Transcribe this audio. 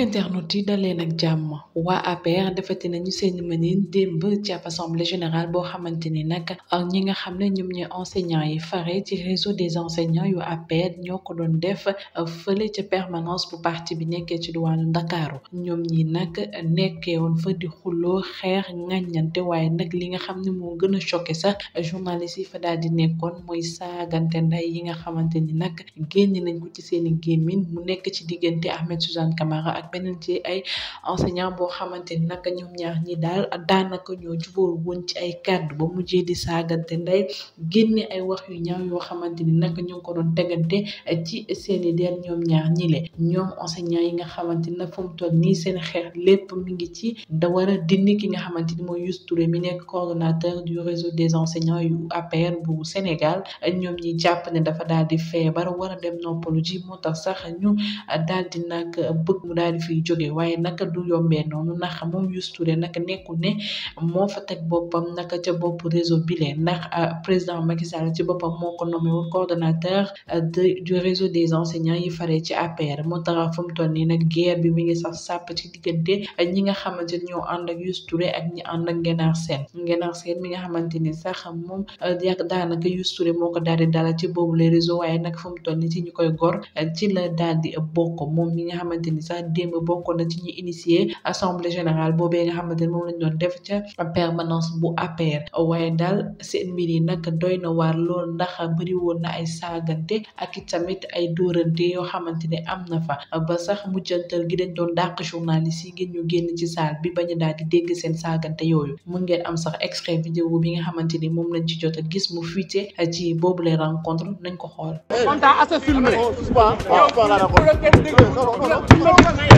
mbokk internet yi daleen ak jàmm waa APR defati nañu seen mënin démb ci ab assemblée générale boo xamante ni nag ñi nga xam ne ñoom ñooy enseignants yi fare ci réseau des enseignants yu APR ñoo ko doon def euh, fële ca permanence bu parti bi nekkee ci diwaanu Ndakaaru ñoom ñi nag nekkee woon fa di xuloo xeex ŋàññante waaye nag li nga xam ne moo gën a choqué sax journaliste yi fa di nekkoon mooy saagante yi nga xamante ni nag nañ ko ci seen i mu nekk ci diggante Ahmed Suzanne Camara beneen ci ay enseignant boo xamante ni naka ñoom ñaar ñi daal daanaka ñoo jubóor woon ci ay kàddu ba mujjee di saagante nday génne ay wax yu ñaaw yoo xamante ni naka ñu ngi ko doon tegante ci seen i der ñoom ñaar ñi ñoom enseignant yi nga xamante ni nag fu mu nii seen xeex lépp mi ngi ci da war a ki nga xamante ni mooy Youssou mi nekk coordonnateur du réseau des enseignants yu APR bu Sénégal ñoom ñi jàpp ne dafa daal di feebar war a dem noppalu ji moo tax sax ñu daal di nag bëgg mu daal fiy jóge waaye naka du yombee noonu ndax moom Youssou Touré naka nekkul ne moo fa teg boppam naka ca bopp réseau bi lee ndax euh, président Macky Sall ci boppam moo ko nommé woon coordonnateur euh, de du réseau des enseignants yi faree ci APR moo tax fa mu nii nag guerre bi mi ngi sax sàpp ci diggante ñi nga xamante ni ñoo ànd ak Youssou ak ñi ànd ak Ngenaar Sène Ngenaar Sène mi nga xamante ni sax moom yàgg euh, daanaka Youssou Touré moo ko daal di dala ci boobu le réseau waaye nag fa mu toll nii ci ñu koy gor ci la daal di bokk moom mi nga xamante sax démb démb bokkoon na ci ñi initié assemblée générale boobee nga xamante ne moom lañ doon def ca permanence bu APR waye daal seen mbir yi nag doy na waar lool ndax bari woon na ay saagante ak it tamit ay dóorante yoo xamante ne am na fa ba sax mujjantal gi dañ doon dàq journaliste yi génn ci salle bi bañ daal di dégg seen saagante yooyu mun ngeen am sax extrait bi nga xamante ni moom lañ ci jot a gis mu fuité ci boobu les rencontre nañ ko xool.